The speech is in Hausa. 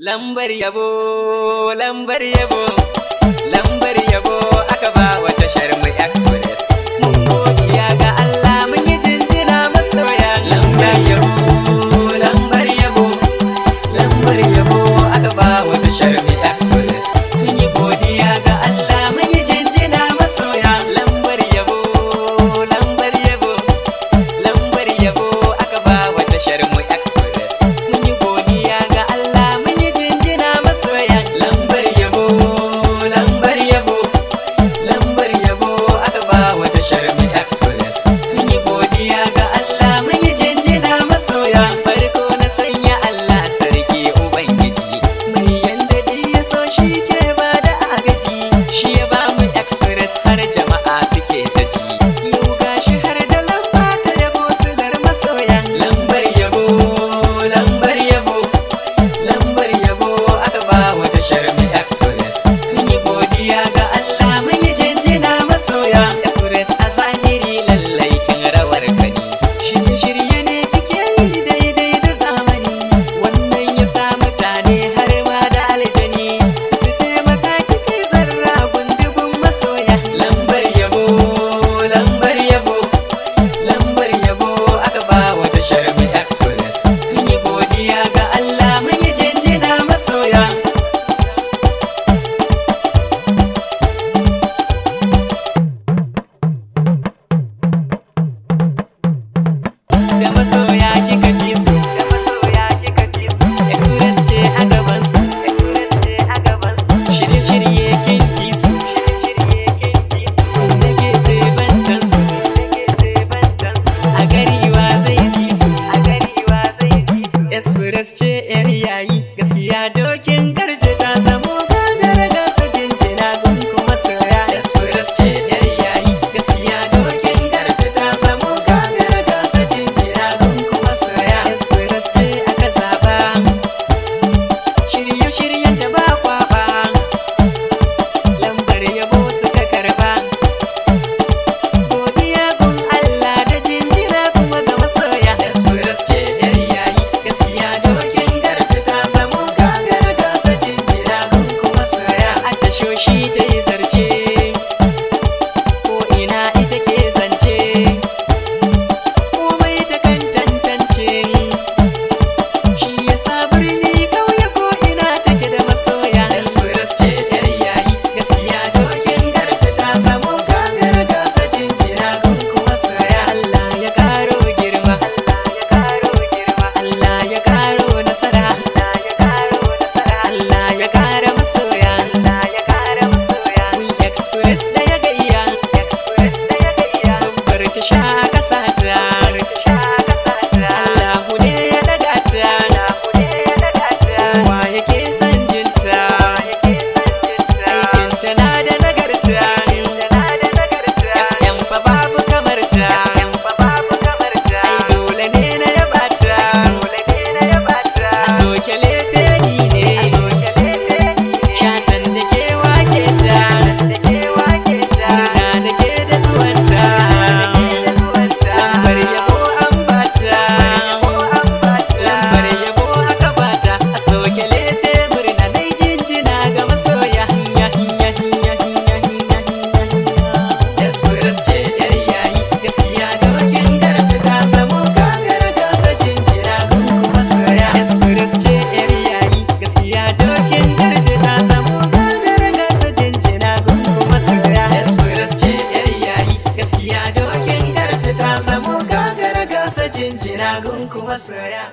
lambar yabo lambar yabo agua podcast and shaka 苦辣酸呀。